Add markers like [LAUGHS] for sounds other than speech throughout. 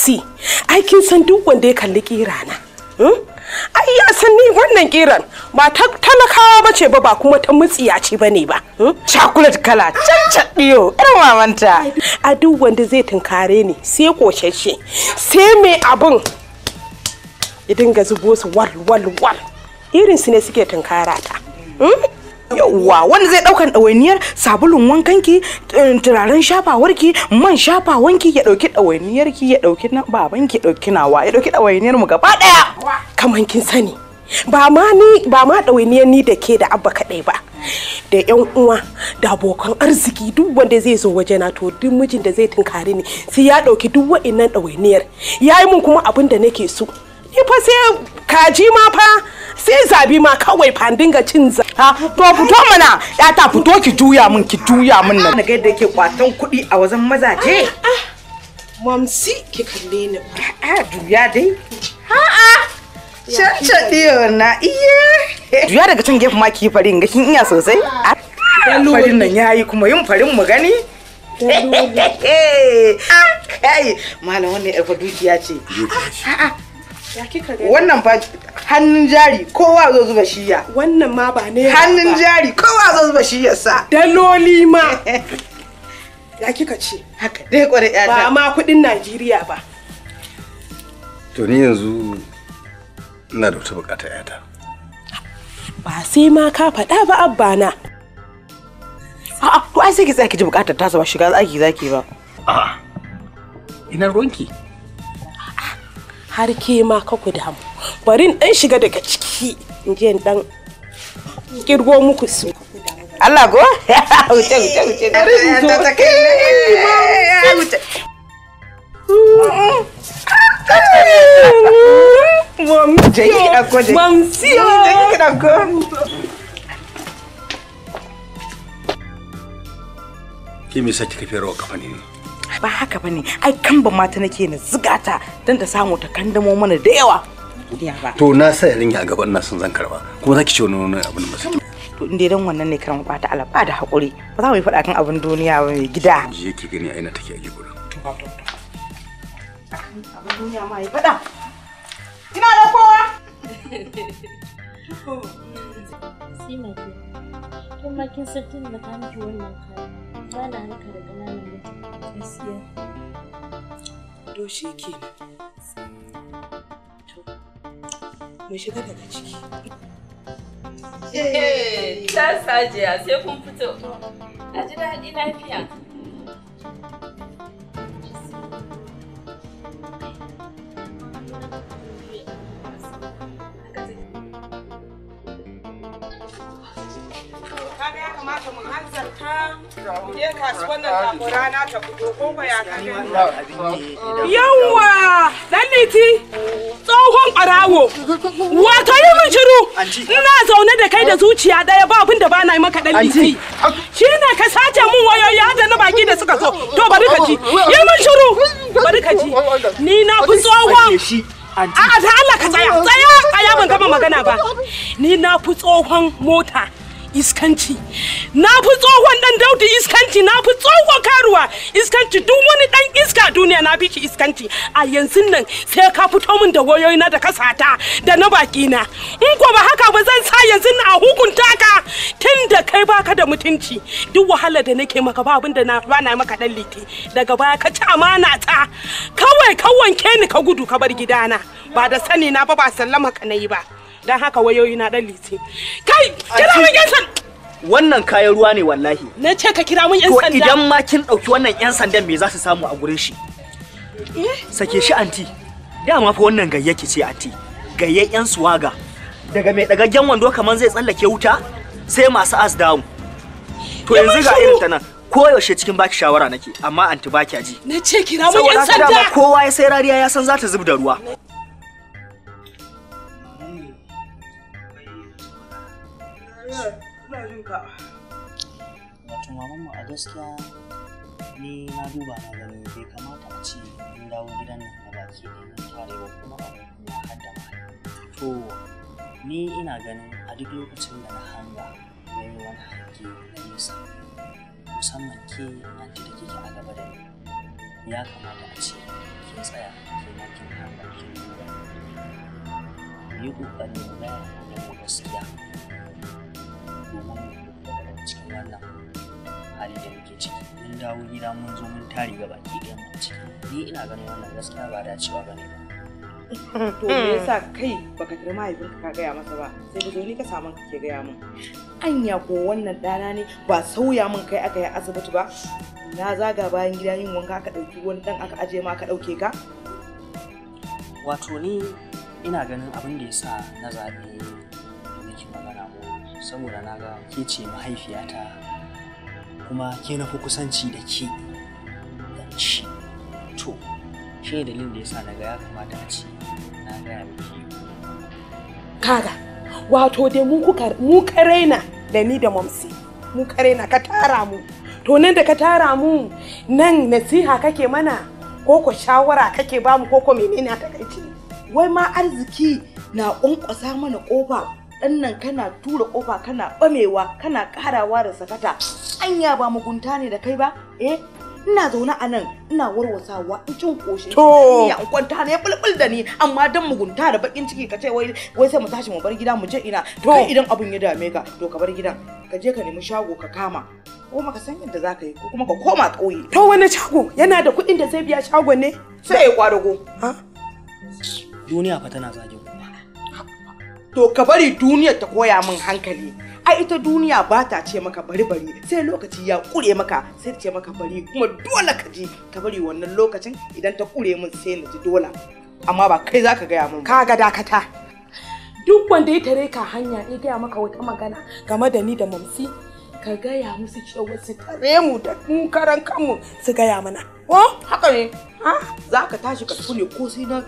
si ai kin san duk wanda ya kalli kira na hmm? ai ya san ni wannan kiran ba ta talakawa ba ce ba ba kuma ta mutsiya ce ba ne ba hmm? chocolate kala cancan diyo yar mamanta a duk wanda zai tunkare ni sai koshashe sai mai abin idan dinga zubo su wal wal wal irin su ne suke tunkara ta hmm? yauwa wanda zai daukan ɗawainiyar sabulun wankanki eh, turaren shafawarki man shafawanki ya dauki ɗawainiyarki ya dauki na babanki ya dauki nawa ya dauki ɗawainiyar mu gaba daya kaman kin sani ba ma ni ba ma ɗawainiyar ni da ke da abba kaɗai ba da yan uwa da abokan arziki duk wanda zai zo waje na to duk mijin da zai tunkari ni sai ya ɗauki duk wa'innan ɗawainiyar ya yi mun kuma abin da nake so ni fa sai kaji ma fa sai zabi ma kawai fa dinga cin za ha to fito mana ya ta fito ki juya min ki juya min nan ga yadda yake kwatan kuɗi a wajen mazaje ah, ah. mamsi ki kalle ni a juya dai ha a diyo na iya juya daga can gefe ma ki farin ga kin iya sosai ah. farin nan yayi kuma yin farin mu gani [LAUGHS] kai malam wannan yar dukiya ce wannan ba hannun jari kowa zo zuba shiya wannan ma ba ne hannun jari kowa zo zuba sa. daloli ma [LAUGHS] ya kika ce haka dai kware ya ba ma kudin najeriya ba to ni yanzu ina da wata bukata yata ba sai ma ka faɗa ba abba na a'a to ai sai ki tsaya ki ji bukatar ta ba shiga zaki zaki ba a'a ina ruwanki har ke ma ka ku damu bari in dan shiga daga ciki in je dan kirgo muku su Allah go [LAUGHS] wuce wuce wuce bari in zo ta kai ya wuce Mamsi, mamsi, Ki me sa kika fero kafa ne? ba haka ba ne ai kan ba mata nake na ta don ta samu ta kandamo mana da yawa to na sa yarin ya gaban na sun zan karba kuma zaki ce wani abin da to inda dan wannan ne karan bata ala ba da hakuri ba za mu yi faɗa kan abin duniya ba mai gida je ki gani aina take a gigurin abin duniya ma yi faɗa ina da kowa Sima ke, kuma kin san tun da ka miki wannan kaya, ba na haka da ƙananan mutane. gaskiya to shi ke mu shiga daga ciki ta sajiya sai kun fito a ji daɗi lafiya kamata mu hanzarta mu kasuwan nan kafin rana ta fito ko ko ya kaje yawa dan tsohon barawo wato yi mun shiru ina zaune da kai da zuciya daya ba abin da ba na yi maka dan liti shine ka sace min wayoyi da na baki da suka zo to bari ka ji yi mun shiru bari ka ji ni na fi tsohon A'a da Allah ka tsaya, tsaya, tsaya ban gama magana ba. Ni na fi tsohon mota. iskanci na fi tsohon dan daudi iskanci na fi tsohon karuwa iskanci duk wani dan iska duniya na fi shi iskanci a yanzu nan sai ka fito min da wayoyi na da kasata da na baki na in ko ba haka ba zan sa yanzu a hukunta ka tun da kai baka da mutunci duk wahala da nake maka ba abin da na bana maka dan liti daga baya ka ci amana ta kawai ka wanke ni ka gudu ka bar gidana ba da sani na ba ba sallama ka nayi ba don haka wayoyi na dan liti kai kira mun yan sanda wannan kayan ruwa ne wallahi na ce ka kira mun yan sanda to idan ma kin dauki wannan yan sandan me za su samu a gurin shi eh? sake shi anti dama fa wannan gayyaki ce anti gayyen yan suwaga daga mai dagaggen wando kaman zai tsallake wuta sai masu as down to yanzu ga irin ta nan yaushe cikin baki shawara nake amma anti baki ji na ce kira mun yan sanda kowa ya sai rariya ya san za ta zub da ruwa wato maman mu a gaskiya ni na duba na gani bai kamata a ce in dawo gidan nan da baki ne na tare ba kuma a hada da to ni ina ganin a duk lokacin da na hanga na yi wani hange na nisa musamman ke nanti da kike a gaba da ni ya kamata a ce ke tsaya ke na kin hanga kin duba yi ƙoƙarin na da gaskiya daga cikin wannan hali da muke ciki mun dawo gida mun zo mun tari ga baki ɗaya mu ciki ni ina ganin wannan gaskiya ba dacewa bane ba to me yasa kai baka kira mahaifinka ka gaya masa ba sai ka zo ni ka samu kake gaya min anya ko wannan dana ne ba sauya min kai aka yi asibiti ba na zaga bayan gida yin wanka aka ɗauki wani ɗan aka aje ma aka ɗauke ka wato ni ina ganin abin da ya sa na zaɓi saboda na ga ke ce mahaifiyata kuma ke na fi kusanci da ke da shi to shi dalilin da ya sa na ga ya kamata a ce na gaya miki kaga wato dai mu mu karena da ni da mamsi mu karena ka tara mu to nan da ka tara mu nan nasiha kake mana ko ko shawara kake bamu ko ko menene ta kai wai ma arziki na ƙunƙusa mana ƙofa Ɗan nan kana tura ƙofa kana ɓamewa kana ƙarawa da sakata anya ba mugunta ne da kai ba eh ina zaune a nan ina warwasawa in cin koshi ya in kwanta ne bulbul da ni amma dan mugunta da bakin ciki ka ce wai wai sai mu tashi mu bar gida mu je ina to idan abun ya dame ka to ka bar gidan ka je ka nemi shago ka kama ko maka san yadda za ka yi ko kuma ka koma ƙauye. To wani shago yana da kuɗin da zai biya shago ne? Sai ya kwadago. Duniya fa tana zage to ka bari duniyar ta koya min hankali ai ita duniya ba ta ce maka bari bari sai lokaci ya kure maka sai ta ce maka bari kuma dole ka ji ka bari wannan lokacin idan ta kure min sai na ji dole amma ba kai zaka gaya min ka ga dakata duk wanda ya tare ka hanya ya gaya maka wata magana game da ni da mamsi ka gaya musu cewa su tare mu da mu karan kanmu su gaya mana ko oh, haka ne ha za tashi ka tafi ne ko sai na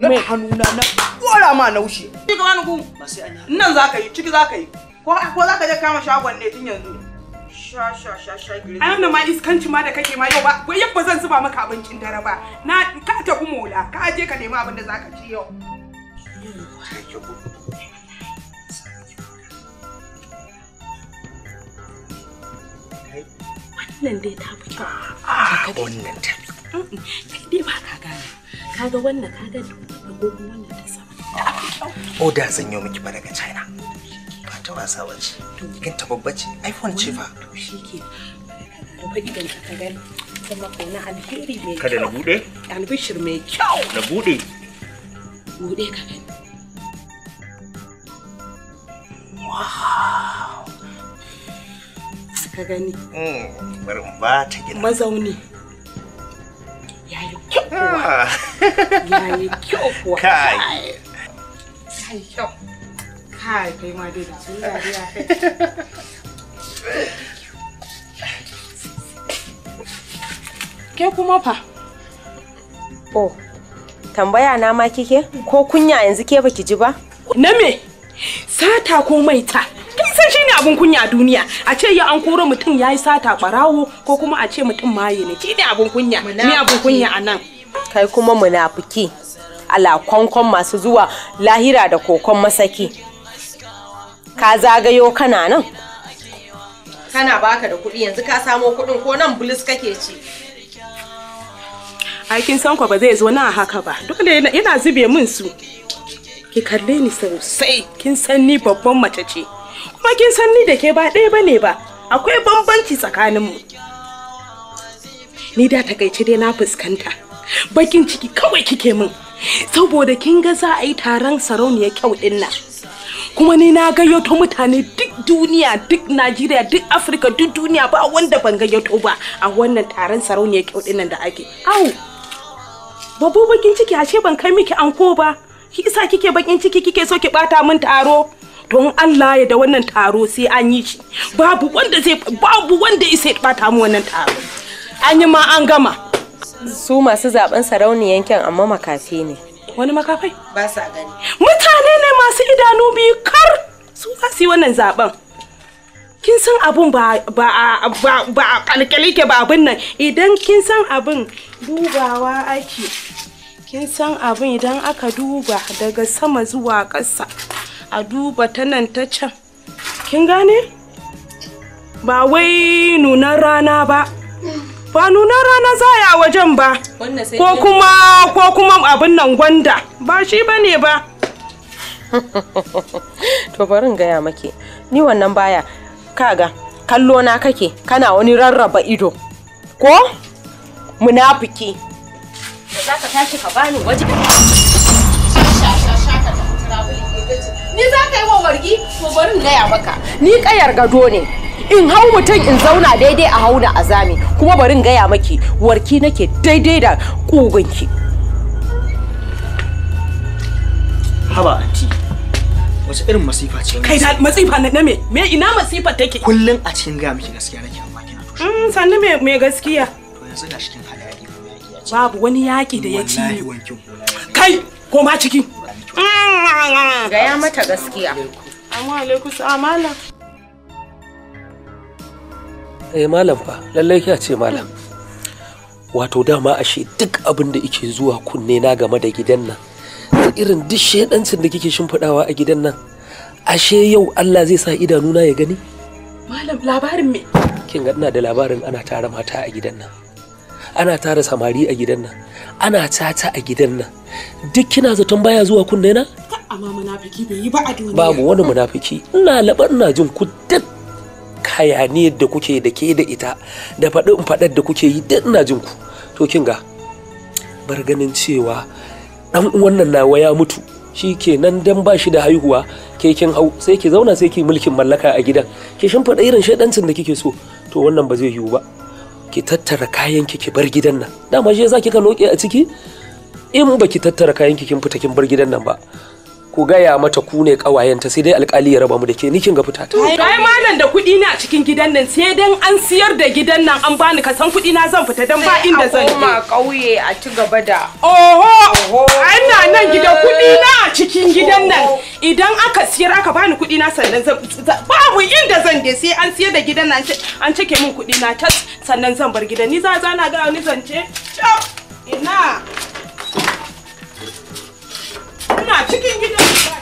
na da hannuna na bora ma naushe ki ga wani ku ba sai an nan ka yi ciki ka yi ko ko ka je kama shagon ne tun yanzu sha sha sha sha gire ai ma iskanci ma da kake ma yau ba ko yabba zan zuba maka abincin dare ba na ka tafi mola ka je ka nemi abin da zaka ci yau wannan dai ta fi kyau. Ah, wannan ta fi. kaga wannan kaga wannan ta sama o da zan yi miki ba daga china ba ta wasa bace kin ta babba ce iphone ce fa to shike rufe idan ka kuma alheri mai kada na albishir mai kyau na ka gani wow ka gani mm bari ba ta mazauni kuwa ya kyau kuwa kai ya kyau kai kai ma dai da su ya kai ke kuma fa oh tambaya na ma kike ko kunya yanzu ke baki ji ba na me sata ko maita kai san shine abun kunya a duniya a ce ya an koro mutum yayi sata barawo ko kuma a ce mutum maye ne ki ne abun kunya me abun kunya anan kai kuma munafiki alakonkon masu zuwa lahira da kokon masaki ka zagayo kana nan kana baka da kuɗi yanzu ka samo kuɗin ko nan bulis kake ci aikin sanko ba zai zo na haka ba dole yana zube min su ki kalle ni sosai kin san ni babban mace ce kuma kin san ni da ke ba ɗaya bane ba akwai bambanci tsakaninmu ni da takaici dai na fuskanta bakin ciki kawai kike min saboda kin ga za a yi taron sarauniya kyau din nan kuma ni na gayyato mutane duk duniya duk najeriya duk afirka duk duniya ba wanda ban gayyato ba a wannan taron sarauniya kyau din nan da ake au babu bakin ciki ashe ban kai miki anko ba ki isa kike bakin ciki kike so ki bata min taro don Allah ya da wannan taro sai an yi shi babu wanda zai babu wanda isa ya bata min wannan taro an ma an gama su masu zaben sarauni yankin amma makafi ne wani makafai ba sa gani mutane ne masu idanu biyu kar su za su yi wannan zaben kin san abun ba ba ba ba kalkali ke ba abun nan idan kin san abun dubawa ake kin san abun idan aka duba daga sama zuwa ƙasa a duba ta nan ta can kin gane ba wai nunan rana ba ba nuna rana za a wajen ba ko kuma ko kuma abin nan gwanda ba shi ba ne ba [LAUGHS] to bari in gaya maki ni wannan baya kaga kallo na kake kana wani rarraba ido ko munafiki ni za ka yi wa wargi to bari in gaya maka ni kayar gado ne in hau mutum in zauna daidai a hauna a zami kuma barin gaya maki warki nake daidai da ƙugunki. haba anti wace irin masifa ce kai da masifa na me me ina masifa take kullun a cikin gaya miki gaskiya nake amma kina to mm sanni me me gaskiya to yanzu ga cikin halayya babu wani yaki da ya ci kai kai ma ciki mm. gaya mata gaskiya amma alaikum amala eh malam fa lallai kya ce malam wato dama ashe duk abin da yake zuwa kunne na game da gidan nan irin duk shedancin da kike shimfiɗawa a gidan nan ashe yau Allah zai sa idanuna ya gani malam labarin me kin ga ina da labarin ana tara mata a gidan nan ana tara samari a gidan nan ana tata a gidan nan duk kina zaton baya zuwa kunne na amma munafiki bai yi ba a duniya babu wani munafiki ina labar ina jin ku duk hayaniyar da kuke da ke da ita da faɗin faɗar da kuke yi duk ina jin ku to kin ga bar ganin cewa ɗan wannan nawa ya mutu shi ke nan dan ba shi da haihuwa ke kin hau sai ki zauna sai ki mulkin mallaka a gidan ki faɗa irin shaidancin da kike so to wannan ba zai yiwu ba ki tattara kayan ki ki bar gidan nan dama shi yasa kika noke a ciki in ba ki tattara kayan ki kin fita kin bar gidan nan ba ku gaya mata ku ne kawayenta sai dai alkali ya raba mu da ke nikin ga ta. Ai malam da kuɗi na cikin gidan nan sai dan an siyar da gidan nan an bani san kuɗi na zan fita dan ba inda zan je. Sai a ƙauye a ci gaba da. Oho! Ana nan gidan kuɗi na a cikin gidan nan idan aka siyar aka bani kuɗi na sannan zan babu inda zan je sai an siyar da gidan nan an cike min kuɗi na tas sannan zan bar gidan ni za na ga wani zance. Ina. not. You can't get nothing back.